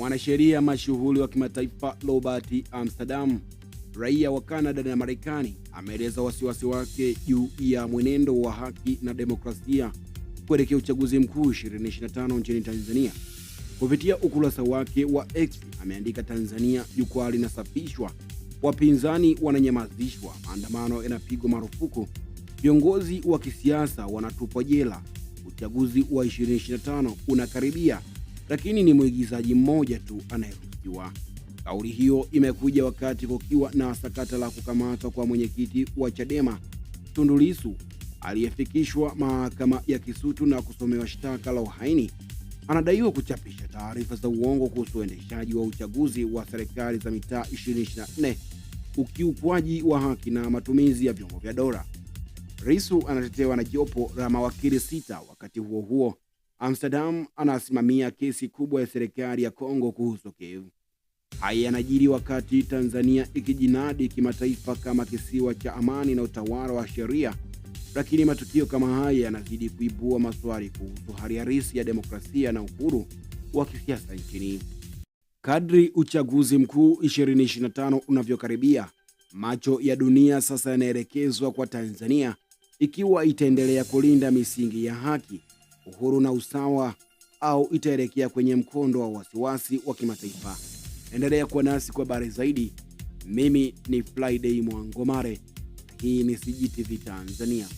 mwanasheria mashuhuri wa kimataifa Robert Amsterdam, raia wa Kanada na Marekani, ameeleza wasiwasi wake juu ya mwenendo wa haki na demokrasia kuelekea uchaguzi mkuu 2025 nchini Tanzania. Kupitia ukurasa wake wa X ameandika, Tanzania jukwaa linasafishwa, wapinzani wananyamazishwa, maandamano yanapigwa marufuku, viongozi wa kisiasa wanatupwa jela, uchaguzi wa 2025 unakaribia lakini ni mwigizaji mmoja tu anayeruhusiwa. Kauli hiyo imekuja wakati kukiwa na sakata la kukamatwa kwa mwenyekiti wa Chadema Tundu Lissu aliyefikishwa mahakama ya Kisutu na kusomewa shtaka la uhaini. Anadaiwa kuchapisha taarifa za uongo kuhusu uendeshaji wa uchaguzi wa serikali za mitaa 2024, ukiukwaji wa haki na matumizi ya vyombo vya dola. Lissu anatetewa na jopo la mawakili sita. Wakati huo huo Amsterdam anasimamia kesi kubwa ya serikali ya Kongo kuhusu Kiev. Haya yanajiri wakati Tanzania ikijinadi kimataifa kama kisiwa cha amani na utawala wa sheria, lakini matukio kama haya yanazidi kuibua maswali kuhusu hali halisi ya demokrasia na uhuru wa kisiasa nchini. Kadri uchaguzi mkuu 2025 unavyokaribia, macho ya dunia sasa yanaelekezwa kwa Tanzania ikiwa itaendelea kulinda misingi ya haki uhuru na usawa au itaelekea kwenye mkondo wa wasiwasi wa kimataifa. Endelea kuwa nasi kwa habari zaidi. Mimi ni Friday Mwangomare, hii ni CGTV Tanzania.